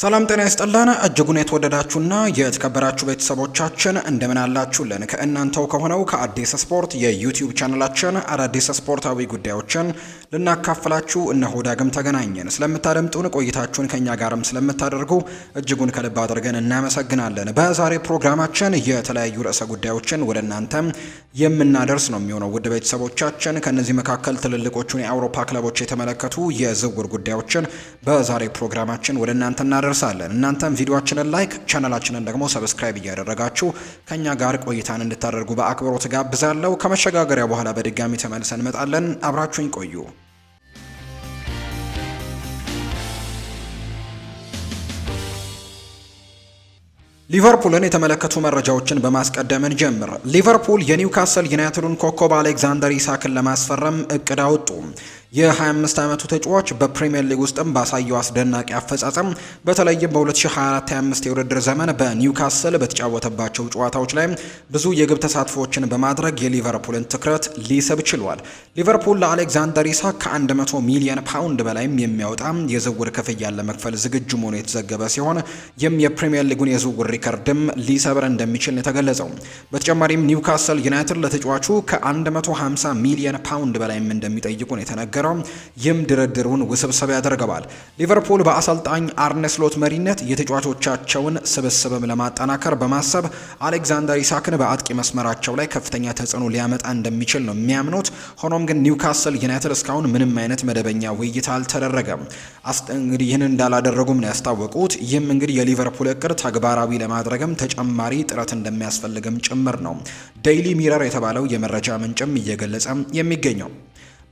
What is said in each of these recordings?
ሰላም ጤና ይስጥልን እጅጉን የተወደዳችሁና የተከበራችሁ ቤተሰቦቻችን እንደምን አላችሁልን? ከእናንተው ከሆነው ከአዲስ ስፖርት የዩቲዩብ ቻናላችን አዳዲስ ስፖርታዊ ጉዳዮችን ልናካፍላችሁ እነሆ ዳግም ተገናኘን። ስለምታደምጡን ቆይታችሁን ከእኛ ጋርም ስለምታደርጉ እጅጉን ከልብ አድርገን እናመሰግናለን። በዛሬ ፕሮግራማችን የተለያዩ ርዕሰ ጉዳዮችን ወደ እናንተም የምናደርስ ነው የሚሆነው ውድ ቤተሰቦቻችን። ከእነዚህ መካከል ትልልቆቹን የአውሮፓ ክለቦች የተመለከቱ የዝውውር ጉዳዮችን በዛሬ ፕሮግራማችን ወደ እናንተ እንደርሳለን። እናንተም ቪዲዮችንን ላይክ ቻናላችንን ደግሞ ሰብስክራይብ እያደረጋችሁ ከእኛ ጋር ቆይታን እንድታደርጉ በአክብሮት ጋብዛለሁ። ከመሸጋገሪያ በኋላ በድጋሚ ተመልሰን እንመጣለን። አብራችሁኝ ቆዩ። ሊቨርፑልን የተመለከቱ መረጃዎችን በማስቀደምን ጀምር ሊቨርፑል የኒውካስል ዩናይትዱን ኮከብ አሌክዛንደር ኢሳክን ለማስፈረም እቅድ አወጡ። የ25 ዓመቱ ተጫዋች በፕሪምየር ሊግ ውስጥም ባሳየው አስደናቂ አፈጻጸም በተለይም በ2024/25 የውድድር ዘመን በኒውካስል በተጫወተባቸው ጨዋታዎች ላይ ብዙ የግብ ተሳትፎዎችን በማድረግ የሊቨርፑልን ትኩረት ሊስብ ችሏል። ሊቨርፑል ለአሌክዛንደር ኢሳክ ከ100 ሚሊዮን ፓውንድ በላይም የሚያወጣ የዝውውር ክፍያ ለመክፈል ዝግጁ መሆኑ የተዘገበ ሲሆን ይህም የፕሪምየር ሊጉን የዝውውር ሪከርድም ሊሰብር እንደሚችል የተገለጸው። በተጨማሪም ኒውካስል ዩናይትድ ለተጫዋቹ ከ150 ሚሊዮን ፓውንድ በላይም እንደሚጠይቁ ነው የተነገ የተናገረው። ይህም ድርድሩን ውስብስብ ያደርገዋል። ሊቨርፑል በአሰልጣኝ አርነስሎት መሪነት የተጫዋቾቻቸውን ስብስብም ለማጠናከር በማሰብ አሌክዛንደር ኢሳክን በአጥቂ መስመራቸው ላይ ከፍተኛ ተጽዕኖ ሊያመጣ እንደሚችል ነው የሚያምኑት። ሆኖም ግን ኒውካስል ዩናይትድ እስካሁን ምንም አይነት መደበኛ ውይይት አልተደረገም። እንግዲህ ይህን እንዳላደረጉም ነው ያስታወቁት። ይህም እንግዲህ የሊቨርፑል እቅድ ተግባራዊ ለማድረግም ተጨማሪ ጥረት እንደሚያስፈልግም ጭምር ነው ዴይሊ ሚረር የተባለው የመረጃ ምንጭም እየገለጸ የሚገኘው።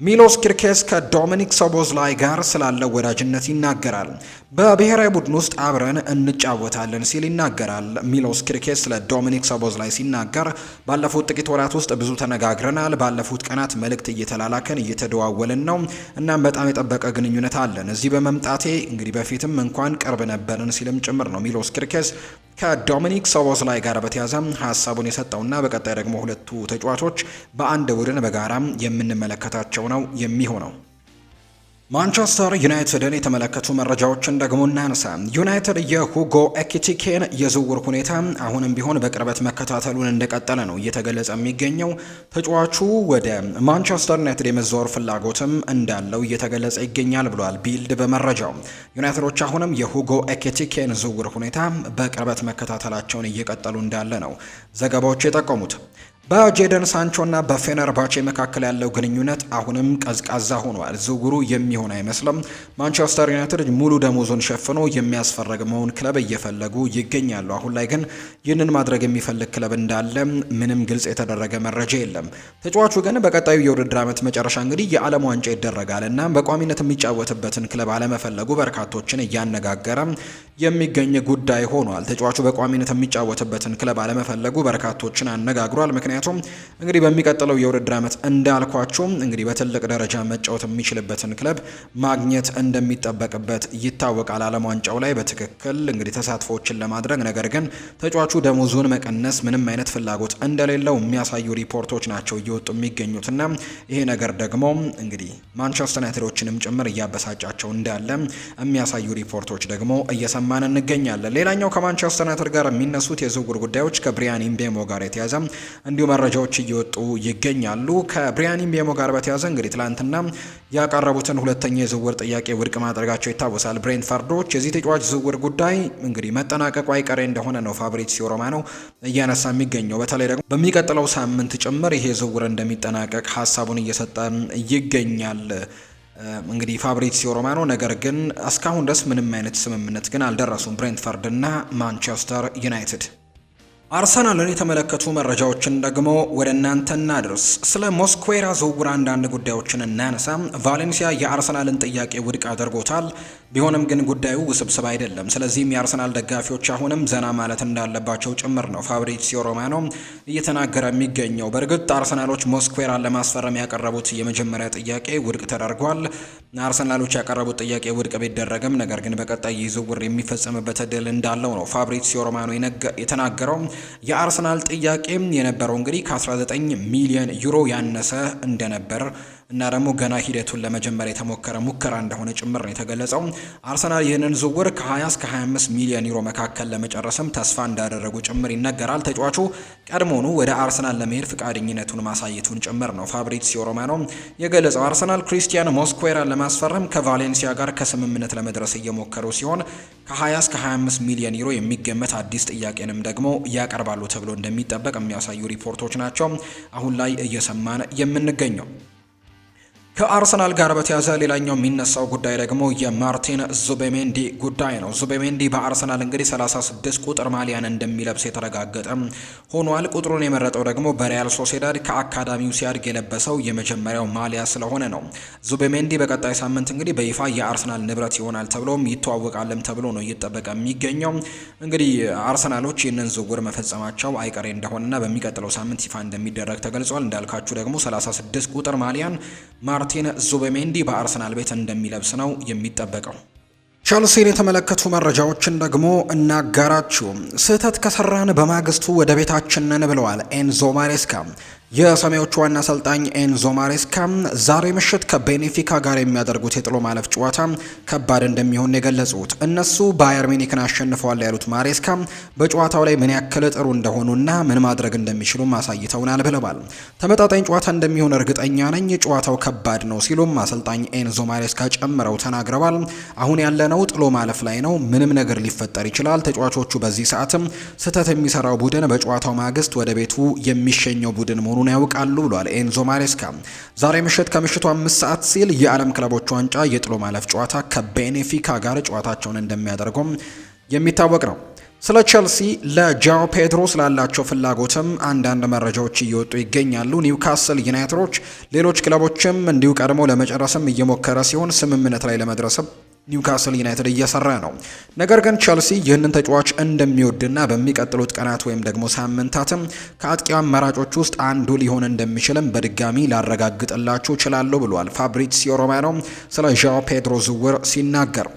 ሚሎስ ኪርኬስ ከዶሚኒክ ሶቦዝላይ ጋር ስላለው ወዳጅነት ይናገራል። በብሔራዊ ቡድን ውስጥ አብረን እንጫወታለን ሲል ይናገራል። ሚሎስ ኪርኬስ ስለ ዶሚኒክ ሶቦዝላይ ሲናገር ባለፉት ጥቂት ወራት ውስጥ ብዙ ተነጋግረናል። ባለፉት ቀናት መልእክት እየተላላከን እየተደዋወልን ነው። እናም በጣም የጠበቀ ግንኙነት አለን። እዚህ በመምጣቴ እንግዲህ በፊትም እንኳን ቅርብ ነበርን ሲልም ጭምር ነው ሚሎስ ኪርኬስ ከዶሚኒክ ሶቦስላይ ጋር በተያዘ ሀሳቡን የሰጠውና በቀጣይ ደግሞ ሁለቱ ተጫዋቾች በአንድ ቡድን በጋራ የምንመለከታቸው ነው የሚሆነው። ማንቸስተር ዩናይትድን የተመለከቱ መረጃዎችን ደግሞ እናንሳ። ዩናይትድ የሁጎ ኤኪቲኬን የዝውውር ሁኔታ አሁንም ቢሆን በቅርበት መከታተሉን እንደቀጠለ ነው እየተገለጸ የሚገኘው። ተጫዋቹ ወደ ማንቸስተር ዩናይትድ የመዘወር ፍላጎትም እንዳለው እየተገለጸ ይገኛል ብሏል ቢልድ በመረጃው። ዩናይትዶች አሁንም የሁጎ ኤኪቲኬን ዝውውር ሁኔታ በቅርበት መከታተላቸውን እየቀጠሉ እንዳለ ነው ዘገባዎች የጠቀሙት። በጄደን በፌነር በፌነርባቼ መካከል ያለው ግንኙነት አሁንም ቀዝቃዛ ሆኗል። ዝውውሩ የሚሆን አይመስልም። ማንቸስተር ዩናይትድ ሙሉ ደሞዙን ሸፍኖ የሚያስፈረግ መሆን ክለብ እየፈለጉ ይገኛሉ። አሁን ላይ ግን ይህንን ማድረግ የሚፈልግ ክለብ እንዳለ ምንም ግልጽ የተደረገ መረጃ የለም። ተጫዋቹ ግን በቀጣዩ የውድድር ዓመት መጨረሻ እንግዲህ የዓለም ዋንጫ ይደረጋል እና በቋሚነት የሚጫወትበትን ክለብ አለመፈለጉ በርካቶችን እያነጋገረ የሚገኝ ጉዳይ ሆኗል። ተጫዋቹ በቋሚነት የሚጫወትበትን ክለብ አለመፈለጉ በርካቶችን አነጋግሯል። ምክንያቱም እንግዲህ በሚቀጥለው የውድድር ዓመት እንዳልኳቸውም እንግዲህ በትልቅ ደረጃ መጫወት የሚችልበትን ክለብ ማግኘት እንደሚጠበቅበት ይታወቃል። ዓለም ዋንጫው ላይ በትክክል እንግዲህ ተሳትፎችን ለማድረግ ነገር ግን ተጫዋቹ ደሞዙን መቀነስ ምንም አይነት ፍላጎት እንደሌለው የሚያሳዩ ሪፖርቶች ናቸው እየወጡ የሚገኙትና ይሄ ነገር ደግሞ እንግዲህ ማንቸስተር ዩናይትዶችንም ጭምር እያበሳጫቸው እንዳለ የሚያሳዩ ሪፖርቶች ደግሞ እየሰ እየሰማን እንገኛለን። ሌላኛው ከማንቸስተር ዩናይትድ ጋር የሚነሱት የዝውውር ጉዳዮች ከብሪያን ኢምቤሞ ጋር የተያዘ እንዲሁ መረጃዎች እየወጡ ይገኛሉ። ከብሪያን ኢምቤሞ ጋር በተያዘ እንግዲህ ትላንትና ያቀረቡትን ሁለተኛ የዝውውር ጥያቄ ውድቅ ማድረጋቸው ይታወሳል። ብሬንትፈርዶች የዚህ ተጫዋች ዝውውር ጉዳይ እንግዲህ መጠናቀቁ አይቀሬ እንደሆነ ነው ፋብሪዚዮ ሮማኖ እያነሳ የሚገኘው። በተለይ ደግሞ በሚቀጥለው ሳምንት ጭምር ይሄ ዝውውር እንደሚጠናቀቅ ሀሳቡን እየሰጠ ይገኛል። እንግዲህ ፋብሪሲዮ ሮማኖ ነገር ግን እስካሁን ድረስ ምንም አይነት ስምምነት ግን አልደረሱም ብሬንትፈርድ እና ማንቸስተር ዩናይትድ አርሰናልን የተመለከቱ መረጃዎችን ደግሞ ወደ እናንተ እናድርስ። ስለ ሞስኩዌራ ዝውውር አንዳንድ ጉዳዮችን እናነሳ። ቫሌንሲያ የአርሰናልን ጥያቄ ውድቅ አድርጎታል። ቢሆንም ግን ጉዳዩ ውስብስብ አይደለም። ስለዚህም የአርሰናል ደጋፊዎች አሁንም ዘና ማለት እንዳለባቸው ጭምር ነው ፋብሪዚዮ ሮማኖ እየተናገረ የሚገኘው። በእርግጥ አርሰናሎች ሞስኩዌራን ለማስፈረም ያቀረቡት የመጀመሪያ ጥያቄ ውድቅ ተደርጓል። አርሰናሎች ያቀረቡት ጥያቄ ውድቅ ቢደረግም ነገር ግን በቀጣይ ዝውውር የሚፈጸምበት እድል እንዳለው ነው ፋብሪዚዮ ሮማኖ የተናገረው። የአርሰናል ጥያቄም የነበረው እንግዲህ ከ19 ሚሊዮን ዩሮ ያነሰ እንደነበር እና ደግሞ ገና ሂደቱን ለመጀመር የተሞከረ ሙከራ እንደሆነ ጭምር ነው የተገለጸው። አርሰናል ይህንን ዝውውር ከ20 እስከ 25 ሚሊዮን ዩሮ መካከል ለመጨረስም ተስፋ እንዳደረጉ ጭምር ይነገራል። ተጫዋቹ ቀድሞውኑ ወደ አርሰናል ለመሄድ ፍቃደኝነቱን ማሳየቱን ጭምር ነው ፋብሪዚዮ ሮማኖ የገለጸው። አርሰናል ክሪስቲያን ሞስኩዌራን ለማስፈረም ከቫሌንሲያ ጋር ከስምምነት ለመድረስ እየሞከሩ ሲሆን ከ20 እስከ 25 ሚሊዮን ዩሮ የሚገመት አዲስ ጥያቄንም ደግሞ ያቀርባሉ ተብሎ እንደሚጠበቅ የሚያሳዩ ሪፖርቶች ናቸው አሁን ላይ እየሰማን የምንገኘው። ከአርሰናል ጋር በተያዘ ሌላኛው የሚነሳው ጉዳይ ደግሞ የማርቲን ዙቤሜንዲ ጉዳይ ነው። ዙቤሜንዲ በአርሰናል እንግዲህ 36 ቁጥር ማሊያን እንደሚለብስ የተረጋገጠ ሆኗል። ቁጥሩን የመረጠው ደግሞ በሪያል ሶሴዳድ ከአካዳሚው ሲያድግ የለበሰው የመጀመሪያው ማሊያ ስለሆነ ነው። ዙቤሜንዲ በቀጣይ ሳምንት እንግዲህ በይፋ የአርሰናል ንብረት ይሆናል ተብሎም ይተዋወቃለም ተብሎ ነው እየጠበቀ የሚገኘው። እንግዲህ አርሰናሎች ይህንን ዝውውር መፈጸማቸው አይቀሬ እንደሆነና በሚቀጥለው ሳምንት ይፋ እንደሚደረግ ተገልጿል። እንዳልካችሁ ደግሞ 36 ቁጥር ማሊያን ማርቲን ዙቤሜንዲ በአርሰናል ቤት እንደሚለብስ ነው የሚጠበቀው። ቸልሲን የተመለከቱ መረጃዎችን ደግሞ እናጋራችሁ። ስህተት ከሰራን በማግስቱ ወደ ቤታችንን ብለዋል ኤንዞ ማሬስካ። የሰማያዊዎቹ ዋና አሰልጣኝ ኤንዞ ማሬስካ ዛሬ ምሽት ከቤኔፊካ ጋር የሚያደርጉት የጥሎ ማለፍ ጨዋታ ከባድ እንደሚሆን የገለጹት እነሱ ባየር ሚኒክን አሸንፈዋል ያሉት ማሬስካ በጨዋታው ላይ ምን ያክል ጥሩ እንደሆኑና ምን ማድረግ እንደሚችሉም አሳይተውናል ብለዋል። ተመጣጣኝ ጨዋታ እንደሚሆን እርግጠኛ ነኝ። ጨዋታው ከባድ ነው ሲሉም አሰልጣኝ ኤንዞ ማሬስካ ጨምረው ተናግረዋል። አሁን ያለነው ጥሎ ማለፍ ላይ ነው። ምንም ነገር ሊፈጠር ይችላል። ተጫዋቾቹ በዚህ ሰዓትም ስህተት የሚሰራው ቡድን በጨዋታው ማግስት ወደ ቤቱ የሚሸኘው ቡድን መሆኑ መሆኑን ያውቃሉ ብሏል ኤንዞ ማሬስካ። ዛሬ ምሽት ከምሽቱ አምስት ሰዓት ሲል የዓለም ክለቦች ዋንጫ የጥሎ ማለፍ ጨዋታ ከቤኔፊካ ጋር ጨዋታቸውን እንደሚያደርጉም የሚታወቅ ነው። ስለ ቸልሲ ለጃው ፔድሮ ስላላቸው ፍላጎትም አንዳንድ መረጃዎች እየወጡ ይገኛሉ። ኒውካስል ዩናይትዶች፣ ሌሎች ክለቦችም እንዲሁ ቀድሞ ለመጨረስም እየሞከረ ሲሆን ስምምነት ላይ ለመድረስም ኒውካስል ዩናይትድ እየሰራ ነው። ነገር ግን ቸልሲ ይህንን ተጫዋች እንደሚወድና በሚቀጥሉት ቀናት ወይም ደግሞ ሳምንታትም ከአጥቂው አማራጮች ውስጥ አንዱ ሊሆን እንደሚችልም በድጋሚ ላረጋግጥላችሁ እችላለሁ ብሏል ፋብሪዚዮ ሮማኖ ስለ ዣኦ ፔድሮ ዝውውር ሲናገር።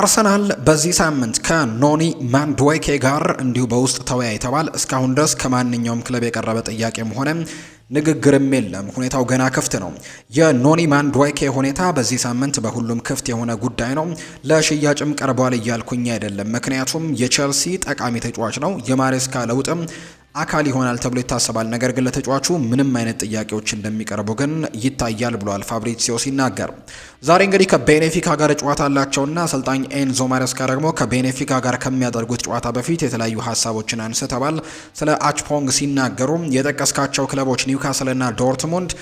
አርሰናል በዚህ ሳምንት ከኖኒ ማንድዌኬ ጋር እንዲሁ በውስጥ ተወያይተዋል። እስካሁን ድረስ ከማንኛውም ክለብ የቀረበ ጥያቄም ሆነ ንግግርም የለም። ሁኔታው ገና ክፍት ነው። የኖኒ ማንድዋይኬ ሁኔታ በዚህ ሳምንት በሁሉም ክፍት የሆነ ጉዳይ ነው። ለሽያጭም ቀርቧል እያልኩኝ አይደለም፣ ምክንያቱም የቼልሲ ጠቃሚ ተጫዋች ነው። የማሬስካ ለውጥም አካል ይሆናል ተብሎ ይታሰባል። ነገር ግን ለተጫዋቹ ምንም አይነት ጥያቄዎች እንደሚቀርቡ ግን ይታያል ብሏል ፋብሪሲዮ ሲናገር። ዛሬ እንግዲህ ከቤኔፊካ ጋር ጨዋታ አላቸውና አሰልጣኝ ኤንዞ ማሬስካ ደግሞ ከቤኔፊካ ጋር ከሚያደርጉት ጨዋታ በፊት የተለያዩ ሀሳቦችን አንስተዋል። ስለ አችፖንግ ሲናገሩ የጠቀስካቸው ክለቦች ኒውካስልና ዶርትሙንድ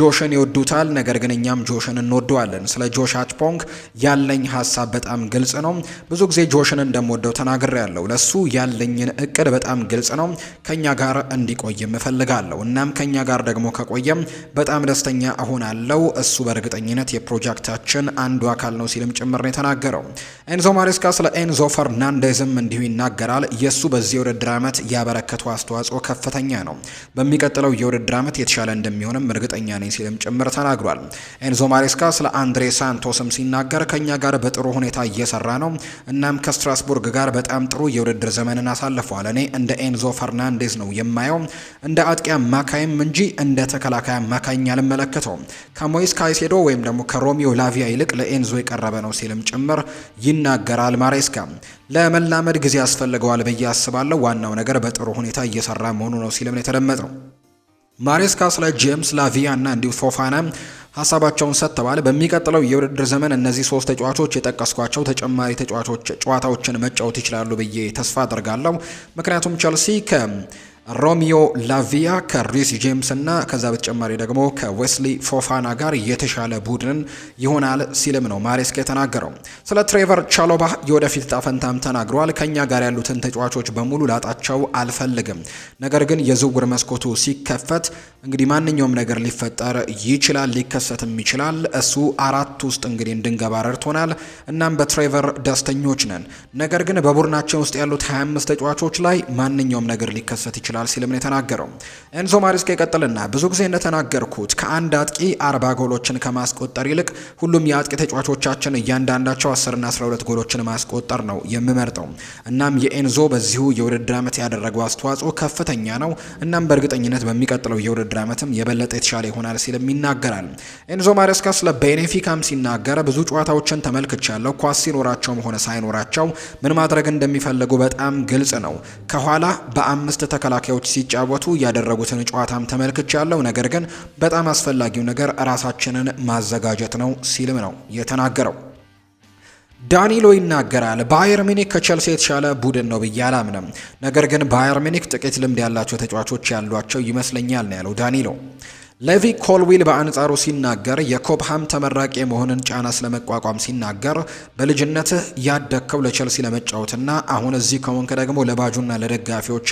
ጆሽን ይወዱታል፣ ነገር ግን እኛም ጆሽን እንወደዋለን። ስለ ጆሽ አችፖንግ ያለኝ ሀሳብ በጣም ግልጽ ነው። ብዙ ጊዜ ጆሽን እንደምወደው ተናግሬ ያለው ለሱ ያለኝን እቅድ በጣም ግልጽ ነው ከኛ ጋር እንዲቆይም እፈልጋለሁ። እናም ከኛ ጋር ደግሞ ከቆየም በጣም ደስተኛ እሆናለሁ። እሱ በእርግጠኝነት የፕሮጀክታችን አንዱ አካል ነው ሲልም ጭምር ነው የተናገረው። ኤንዞ ማሬስካ ስለ ኤንዞ ፈርናንዴዝም እንዲሁ ይናገራል። የእሱ በዚህ የውድድር ዓመት ያበረከተው አስተዋጽኦ ከፍተኛ ነው። በሚቀጥለው የውድድር ዓመት የተሻለ እንደሚሆንም እርግጠኛ ነኝ ሲልም ጭምር ተናግሯል። ኤንዞ ማሬስካ ስለ አንድሬ ሳንቶስም ሲናገር ከኛ ጋር በጥሩ ሁኔታ እየሰራ ነው። እናም ከስትራስቡርግ ጋር በጣም ጥሩ የውድድር ዘመንን አሳልፈዋል። እኔ እንደ ኤንዞ ፈርናንዴዝ ፔሬዝ ነው የማየው። እንደ አጥቂ አማካይም እንጂ እንደ ተከላካይ አማካኝ አልመለከተውም። ከሞይስ ካይሴዶ ወይም ደግሞ ከሮሚዮ ላቪያ ይልቅ ለኤንዞ የቀረበ ነው ሲልም ጭምር ይናገራል ማሬስካ። ለመላመድ ጊዜ ያስፈልገዋል ብዬ አስባለሁ። ዋናው ነገር በጥሩ ሁኔታ እየሰራ መሆኑ ነው ሲልም ነው የተደመጠው ማሬስካ ስለ ጄምስ ላቪያ እና እንዲሁ ፎፋና ሀሳባቸውን ሰጥተዋል። በሚቀጥለው የውድድር ዘመን እነዚህ ሶስት ተጫዋቾች የጠቀስኳቸው ተጨማሪ ተጫዋቾች ጨዋታዎችን መጫወት ይችላሉ ብዬ ተስፋ አድርጋለሁ። ምክንያቱም ቸልሲ ከ ሮሚዮ ላቪያ ከሪስ ጄምስ እና ከዛ በተጨማሪ ደግሞ ከዌስሊ ፎፋና ጋር የተሻለ ቡድን ይሆናል ሲልም ነው ማሬስካ የተናገረው። ስለ ትሬቨር ቻሎባ የወደፊት ጣፈንታም ተናግረዋል። ከኛ ጋር ያሉትን ተጫዋቾች በሙሉ ላጣቸው አልፈልግም፣ ነገር ግን የዝውውር መስኮቱ ሲከፈት እንግዲህ ማንኛውም ነገር ሊፈጠር ይችላል፣ ሊከሰትም ይችላል። እሱ አራት ውስጥ እንግዲህ እንድንገባ ረድቶናል። እናም በትሬቨር ደስተኞች ነን። ነገር ግን በቡድናችን ውስጥ ያሉት 25 ተጫዋቾች ላይ ማንኛውም ነገር ሊከሰት ይችላል ይችላል ሲልም ነው የተናገረው። ኤንዞ ማሪስካ ይቀጥልና ብዙ ጊዜ እንደተናገርኩት ከአንድ አጥቂ አርባ ጎሎችን ከማስቆጠር ይልቅ ሁሉም የአጥቂ ተጫዋቾቻችን እያንዳንዳቸው አስርና አስራ ሁለት ጎሎችን ማስቆጠር ነው የምመርጠው። እናም የኤንዞ በዚሁ የውድድር ዓመት ያደረገው አስተዋጽኦ ከፍተኛ ነው። እናም በእርግጠኝነት በሚቀጥለው የውድድር ዓመትም የበለጠ የተሻለ ይሆናል ሲልም ይናገራል። ኤንዞ ማሪስካ ስለ ቤኔፊካም ሲናገር ብዙ ጨዋታዎችን ተመልክቻለሁ። ኳስ ሲኖራቸውም ሆነ ሳይኖራቸው ምን ማድረግ እንደሚፈልጉ በጣም ግልጽ ነው። ከኋላ በአምስት ተከላ ተከላካዮች ሲጫወቱ ያደረጉትን ጨዋታም ተመልክቻለሁ። ነገር ግን በጣም አስፈላጊው ነገር ራሳችንን ማዘጋጀት ነው ሲልም ነው የተናገረው። ዳኒሎ ይናገራል። ባየር ሚኒክ ከቸልሲ የተሻለ ቡድን ነው ብዬ አላምንም፣ ነገር ግን ባየር ሚኒክ ጥቂት ልምድ ያላቸው ተጫዋቾች ያሏቸው ይመስለኛል ነው ያለው ዳኒሎ። ሌቪ ኮልዊል በአንጻሩ ሲናገር የኮብሃም ተመራቂ የመሆንን ጫና ስለመቋቋም ሲናገር በልጅነትህ ያደግከው ለቸልሲ ለመጫወትና አሁን እዚህ ከሆንክ ደግሞ ለባጁና ለደጋፊዎች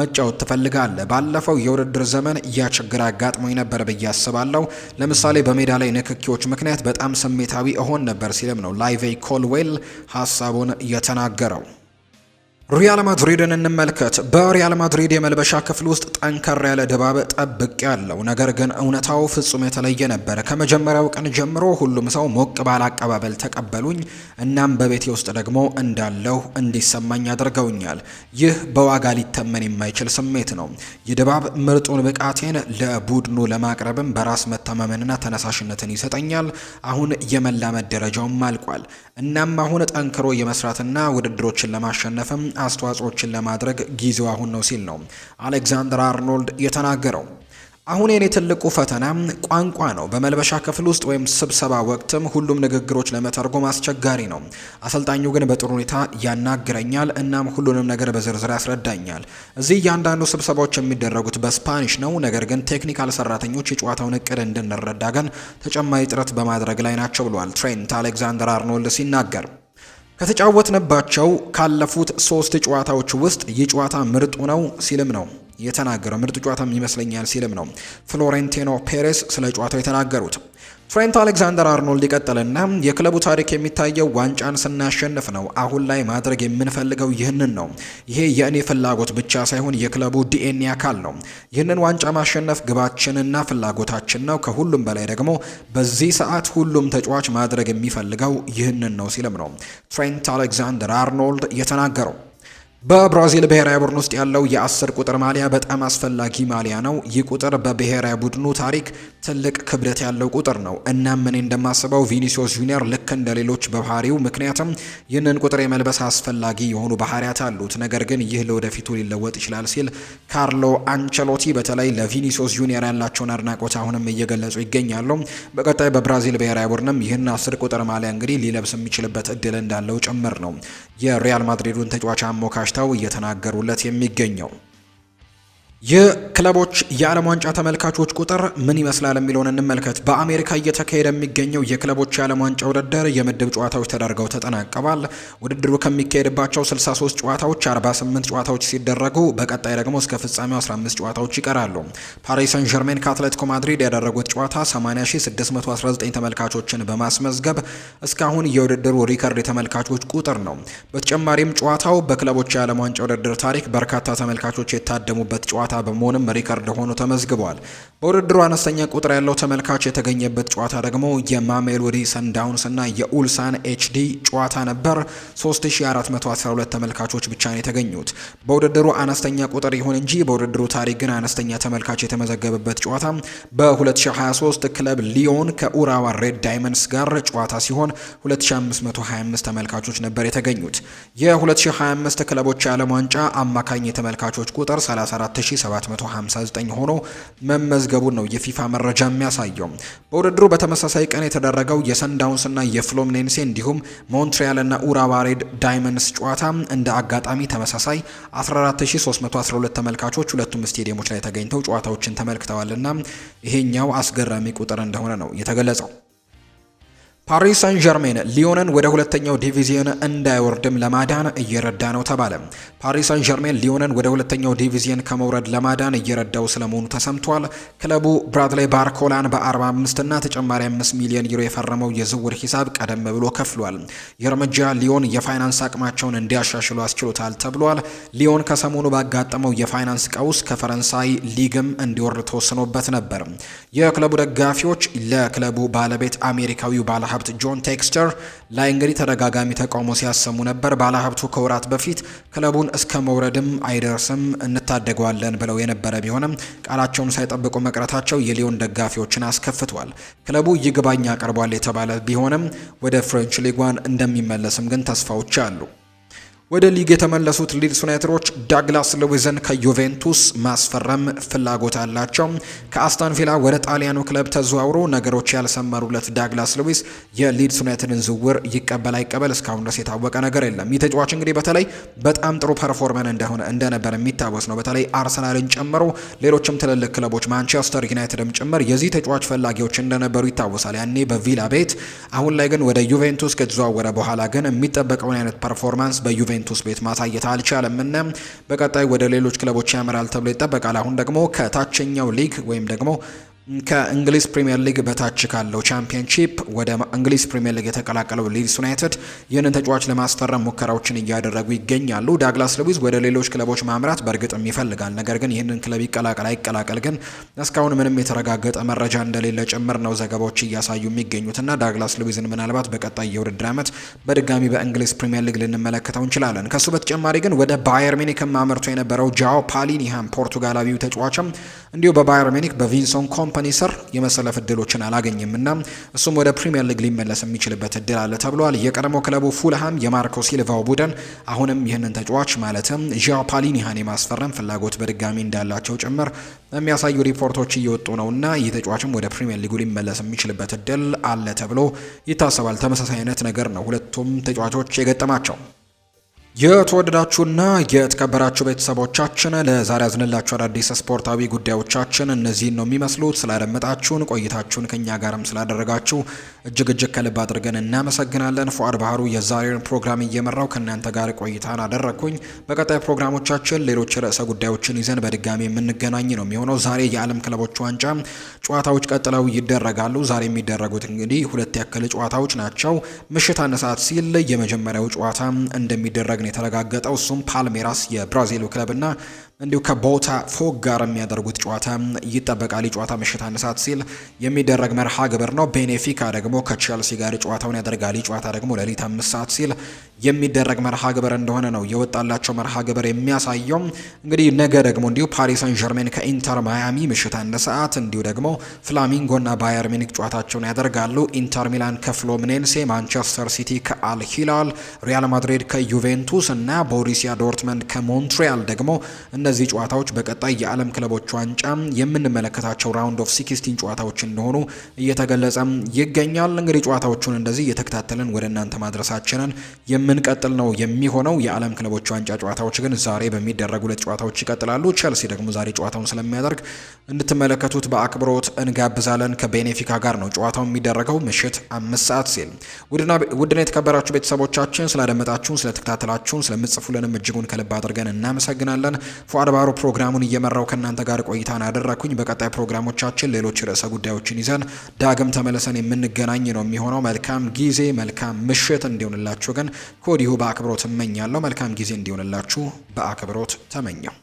መጫወት ትፈልጋለህ። ባለፈው የውድድር ዘመን ያ ችግር አጋጥሞኝ ነበር ብዬ አስባለሁ። ለምሳሌ በሜዳ ላይ ንክኪዎች ምክንያት በጣም ስሜታዊ እሆን ነበር ሲልም ነው ላይቬይ ኮልዌል ሀሳቡን የተናገረው። ሪያል ማድሪድን እንመልከት። በሪያል ማድሪድ የመልበሻ ክፍል ውስጥ ጠንከር ያለ ድባብ ጠብቅ ያለው፣ ነገር ግን እውነታው ፍጹም የተለየ ነበረ። ከመጀመሪያው ቀን ጀምሮ ሁሉም ሰው ሞቅ ባለ አቀባበል ተቀበሉኝ። እናም በቤቴ ውስጥ ደግሞ እንዳለሁ እንዲሰማኝ አድርገውኛል። ይህ በዋጋ ሊተመን የማይችል ስሜት ነው። የድባብ ምርጡን ብቃቴን ለቡድኑ ለማቅረብም በራስ መተማመንና ተነሳሽነትን ይሰጠኛል። አሁን የመላመድ ደረጃውም አልቋል። እናም አሁን ጠንክሮ የመስራትና ውድድሮችን ለማሸነፍም አስተዋጽኦችን ለማድረግ ጊዜው አሁን ነው ሲል ነው አሌክዛንደር አርኖልድ የተናገረው። አሁን የኔ ትልቁ ፈተና ቋንቋ ነው። በመልበሻ ክፍል ውስጥ ወይም ስብሰባ ወቅትም ሁሉም ንግግሮች ለመተርጎም አስቸጋሪ ነው። አሰልጣኙ ግን በጥሩ ሁኔታ ያናግረኛል፣ እናም ሁሉንም ነገር በዝርዝር ያስረዳኛል። እዚህ እያንዳንዱ ስብሰባዎች የሚደረጉት በስፓኒሽ ነው፣ ነገር ግን ቴክኒካል ሰራተኞች የጨዋታውን እቅድ እንድንረዳ ግን ተጨማሪ ጥረት በማድረግ ላይ ናቸው ብሏል ትሬንት አሌክዛንደር አርኖልድ ሲናገር ከተጫወትንባቸው ካለፉት ሶስት ጨዋታዎች ውስጥ ይህ ጨዋታ ምርጡ ነው ሲልም ነው የተናገረው። ምርጡ ጨዋታም ይመስለኛል ሲልም ነው ፍሎሬንቲኖ ፔሬስ ስለ ጨዋታው የተናገሩት። ትሬንት አሌክዛንደር አርኖልድ ይቀጥልና የክለቡ ታሪክ የሚታየው ዋንጫን ስናሸንፍ ነው። አሁን ላይ ማድረግ የምንፈልገው ይህንን ነው። ይሄ የእኔ ፍላጎት ብቻ ሳይሆን የክለቡ ዲኤንኤ አካል ነው። ይህንን ዋንጫ ማሸነፍ ግባችንና ፍላጎታችን ነው። ከሁሉም በላይ ደግሞ በዚህ ሰዓት ሁሉም ተጫዋች ማድረግ የሚፈልገው ይህንን ነው ሲልም ነው ትሬንት አሌክዛንደር አርኖልድ የተናገረው። በብራዚል ብሔራዊ ቡድን ውስጥ ያለው የአስር ቁጥር ማሊያ በጣም አስፈላጊ ማሊያ ነው። ይህ ቁጥር በብሔራዊ ቡድኑ ታሪክ ትልቅ ክብደት ያለው ቁጥር ነው። እናም እኔ እንደማስበው ቪኒሲዮስ ጁኒየር ልክ እንደ ሌሎች በባህሪው ምክንያትም ይህንን ቁጥር የመልበስ አስፈላጊ የሆኑ ባህሪያት አሉት። ነገር ግን ይህ ለወደፊቱ ሊለወጥ ይችላል ሲል ካርሎ አንቸሎቲ በተለይ ለቪኒሲዮስ ጁኒየር ያላቸውን አድናቆት አሁንም እየገለጹ ይገኛሉ። በቀጣይ በብራዚል ብሔራዊ ቡድንም ይህን አስር ቁጥር ማሊያ እንግዲህ ሊለብስ የሚችልበት እድል እንዳለው ጭምር ነው። የሪያል ማድሪዱን ተጫዋች አሞካሽተው እየተናገሩለት የሚገኘው። የክለቦች የዓለም ዋንጫ ተመልካቾች ቁጥር ምን ይመስላል የሚለውን እንመልከት። በአሜሪካ እየተካሄደ የሚገኘው የክለቦች የዓለም ዋንጫ ውድድር የምድብ ጨዋታዎች ተደርገው ተጠናቀዋል። ውድድሩ ከሚካሄድባቸው 63 ጨዋታዎች 48 ጨዋታዎች ሲደረጉ በቀጣይ ደግሞ እስከ ፍጻሜው 15 ጨዋታዎች ይቀራሉ። ፓሪስ ሰን ዠርሜን ከአትሌቲኮ ማድሪድ ያደረጉት ጨዋታ 80619 ተመልካቾችን በማስመዝገብ እስካሁን የውድድሩ ሪከርድ የተመልካቾች ቁጥር ነው። በተጨማሪም ጨዋታው በክለቦች የዓለም ዋንጫ ውድድር ታሪክ በርካታ ተመልካቾች የታደሙበት ጨዋታ ጨዋታ በመሆንም ሪከርድ ሆኖ ተመዝግቧል። በውድድሩ አነስተኛ ቁጥር ያለው ተመልካች የተገኘበት ጨዋታ ደግሞ የማሜሎዲ ሰንዳውንስ እና የኡልሳን ኤችዲ ጨዋታ ነበር። 3412 ተመልካቾች ብቻ ነው የተገኙት። በውድድሩ አነስተኛ ቁጥር ይሁን እንጂ በውድድሩ ታሪክ ግን አነስተኛ ተመልካች የተመዘገበበት ጨዋታ በ2023 ክለብ ሊዮን ከኡራዋ ሬድ ዳይመንድስ ጋር ጨዋታ ሲሆን 2525 ተመልካቾች ነበር የተገኙት። የ2025 ክለቦች የዓለም ዋንጫ አማካኝ የተመልካቾች ቁጥር 34 759 ሆኖ መመዝገቡን ነው የፊፋ መረጃ የሚያሳየው። በውድድሩ በተመሳሳይ ቀን የተደረገው የሰንዳውንስና የፍሎምኔንሴ እንዲሁም ሞንትሪያልና ኡራባሬድ ዳይመንስ ጨዋታ እንደ አጋጣሚ ተመሳሳይ 14312 ተመልካቾች ሁለቱም ስቴዲየሞች ላይ ተገኝተው ጨዋታዎችን ተመልክተዋልና ይሄኛው አስገራሚ ቁጥር እንደሆነ ነው የተገለጸው። ፓሪስ ሳን ዠርሜን ሊዮንን ወደ ሁለተኛው ዲቪዚየን እንዳይወርድም ለማዳን እየረዳ ነው ተባለ። ፓሪስ ሳን ዠርሜን ሊዮንን ወደ ሁለተኛው ዲቪዚየን ከመውረድ ለማዳን እየረዳው ስለመሆኑ ተሰምቷል። ክለቡ ብራድላይ ባርኮላን በ45 እና ተጨማሪ 5 ሚሊዮን ዩሮ የፈረመው የዝውውር ሂሳብ ቀደም ብሎ ከፍሏል። የእርምጃ ሊዮን የፋይናንስ አቅማቸውን እንዲያሻሽሉ አስችሎታል ተብሏል። ሊዮን ከሰሞኑ ባጋጠመው የፋይናንስ ቀውስ ከፈረንሳይ ሊግም እንዲወርድ ተወስኖበት ነበር። የክለቡ ደጋፊዎች ለክለቡ ባለቤት አሜሪካዊው ባለሀ ባለሀብት ጆን ቴክስቸር ላይ እንግዲህ ተደጋጋሚ ተቃውሞ ሲያሰሙ ነበር። ባለሀብቱ ከወራት በፊት ክለቡን እስከ መውረድም አይደርስም እንታደገዋለን ብለው የነበረ ቢሆንም ቃላቸውን ሳይጠብቁ መቅረታቸው የሊዮን ደጋፊዎችን አስከፍቷል። ክለቡ ይግባኝ አቅርቧል የተባለ ቢሆንም ወደ ፍሬንች ሊጓን እንደሚመለስም ግን ተስፋዎች አሉ። ወደ ሊግ የተመለሱት ሊድስ ዩናይትዶች ዳግላስ ሉዊዝን ከዩቬንቱስ ማስፈረም ፍላጎት አላቸው። ከአስቶን ቪላ ወደ ጣሊያኑ ክለብ ተዘዋውሮ ነገሮች ያልሰመሩለት ዳግላስ ሉዊዝ የሊድስ ዩናይትድን ዝውውር ይቀበል አይቀበል እስካሁን ድረስ የታወቀ ነገር የለም። ይህ ተጫዋች እንግዲህ በተለይ በጣም ጥሩ ፐርፎርመን እንደሆነ እንደነበር የሚታወስ ነው። በተለይ አርሰናልን ጨምሮ ሌሎችም ትልልቅ ክለቦች ማንቸስተር ዩናይትድም ጭምር የዚህ ተጫዋች ፈላጊዎች እንደነበሩ ይታወሳል። ያኔ በቪላ ቤት። አሁን ላይ ግን ወደ ዩቬንቱስ ከተዘዋወረ በኋላ ግን የሚጠበቀውን አይነት ፐርፎርማንስ በዩቬ ዩቬንቱስ ቤት ማሳየት አልቻለምና በቀጣይ ወደ ሌሎች ክለቦች ያመራል ተብሎ ይጠበቃል። አሁን ደግሞ ከታችኛው ሊግ ወይም ደግሞ ከእንግሊዝ ፕሪምየር ሊግ በታች ካለው ቻምፒየንሺፕ ወደ እንግሊዝ ፕሪምየር ሊግ የተቀላቀለው ሊድስ ዩናይትድ ይህንን ተጫዋች ለማስፈረም ሙከራዎችን እያደረጉ ይገኛሉ። ዳግላስ ሉዊዝ ወደ ሌሎች ክለቦች ማምራት በእርግጥም ይፈልጋል። ነገር ግን ይህንን ክለብ ይቀላቀል አይቀላቀል ግን እስካሁን ምንም የተረጋገጠ መረጃ እንደሌለ ጭምር ነው ዘገባዎች እያሳዩ የሚገኙትና ዳግላስ ሉዊዝን ምናልባት በቀጣይ የውድድር ዓመት በድጋሚ በእንግሊዝ ፕሪምየር ሊግ ልንመለከተው እንችላለን። ከእሱ በተጨማሪ ግን ወደ ባየር ሚኒክም አምርቶ የነበረው ጃኦ ፓሊኒሃም ፖርቱጋላዊው ተጫዋችም እንዲሁ በባየር ሚኒክ በቪንሶን ኮምፓ ኮምፓኒ ስር የመሰለፍ እድሎችን አላገኝምና እሱም ወደ ፕሪምየር ሊግ ሊመለስ የሚችልበት እድል አለ ተብሏል። የቀድሞ ክለቡ ፉልሃም የማርኮ ሲልቫው ቡድን አሁንም ይህንን ተጫዋች ማለትም ዣ ፓሊኒሃን የማስፈረም ፍላጎት በድጋሚ እንዳላቸው ጭምር የሚያሳዩ ሪፖርቶች እየወጡ ነውና ይህ ተጫዋችም ወደ ፕሪምየር ሊጉ ሊመለስ የሚችልበት እድል አለ ተብሎ ይታሰባል። ተመሳሳይ አይነት ነገር ነው ሁለቱም ተጫዋቾች የገጠማቸው። የተወደዳችሁና የተከበራችሁ ቤተሰቦቻችን ለዛሬ ያዝንላችሁ አዳዲስ ስፖርታዊ ጉዳዮቻችን እነዚህን ነው የሚመስሉት። ስላደመጣችሁን ቆይታችሁን ከኛ ጋርም ስላደረጋችሁ እጅግ እጅግ ከልብ አድርገን እናመሰግናለን። ፉአድ ባህሩ የዛሬውን ፕሮግራም እየመራው ከእናንተ ጋር ቆይታን አደረግኩኝ። በቀጣይ ፕሮግራሞቻችን ሌሎች ርዕሰ ጉዳዮችን ይዘን በድጋሚ የምንገናኝ ነው የሚሆነው። ዛሬ የዓለም ክለቦች ዋንጫ ጨዋታዎች ቀጥለው ይደረጋሉ። ዛሬ የሚደረጉት እንግዲህ ሁለት ያክል ጨዋታዎች ናቸው። ምሽት አነ ሰዓት ሲል የመጀመሪያው ጨዋታ እንደሚደረግ ነው የተረጋገጠው። እሱም ፓልሜራስ የብራዚሉ ክለብና እንዲሁ ከቦታ ፎግ ጋር የሚያደርጉት ጨዋታ ይጠበቃል። ጨዋታ ምሽት አንድ ሰዓት ሲል የሚደረግ መርሃ ግብር ነው። ቤኔፊካ ደግሞ ከቼልሲ ጋር ጨዋታውን ያደርጋል። ጨዋታ ደግሞ ሌሊት አምስት ሰዓት ሲል የሚደረግ መርሃ ግብር እንደሆነ ነው የወጣላቸው መርሃ ግብር የሚያሳየው። እንግዲህ ነገ ደግሞ እንዲሁ ፓሪስ ሳን ዠርሜን ከኢንተር ማያሚ ምሽት አንድ ሰዓት እንዲሁ ደግሞ ፍላሚንጎና ባየር ሚኒክ ጨዋታቸውን ያደርጋሉ። ኢንተር ሚላን ከፍሎምኔንሴ፣ ማንቸስተር ሲቲ ከአልሂላል፣ ሪያል ማድሪድ ከዩቬንቱስ እና ቦሪሲያ ዶርትመንድ ከሞንትሪያል ደግሞ እነዚህ ጨዋታዎች በቀጣይ የዓለም ክለቦች ዋንጫ የምንመለከታቸው ራውንድ ኦፍ ሲክስቲን ጨዋታዎች እንደሆኑ እየተገለጸ ይገኛል። እንግዲህ ጨዋታዎቹን እንደዚህ እየተከታተልን ወደ እናንተ ማድረሳችንን የምንቀጥል ነው የሚሆነው። የዓለም ክለቦች ዋንጫ ጨዋታዎች ግን ዛሬ በሚደረጉ ሁለት ጨዋታዎች ይቀጥላሉ። ቸልሲ ደግሞ ዛሬ ጨዋታውን ስለሚያደርግ እንድትመለከቱት በአክብሮት እንጋብዛለን። ከቤኔፊካ ጋር ነው ጨዋታው የሚደረገው ምሽት አምስት ሰዓት ሲል። ውድና የተከበራችሁ ቤተሰቦቻችን ስላደመጣችሁን፣ ስለተከታተላችሁን፣ ስለምጽፉልንም እጅጉን ከልብ አድርገን እናመሰግናለን። ፉአድ ባሮ ፕሮግራሙን እየመራው ከእናንተ ጋር ቆይታን አደረግኩኝ። በቀጣይ ፕሮግራሞቻችን ሌሎች ርዕሰ ጉዳዮችን ይዘን ዳግም ተመልሰን የምንገናኝ ነው የሚሆነው። መልካም ጊዜ መልካም ምሽት እንዲሆንላችሁ ግን ከወዲሁ በአክብሮት እመኛለሁ። መልካም ጊዜ እንዲሆንላችሁ በአክብሮት ተመኘው።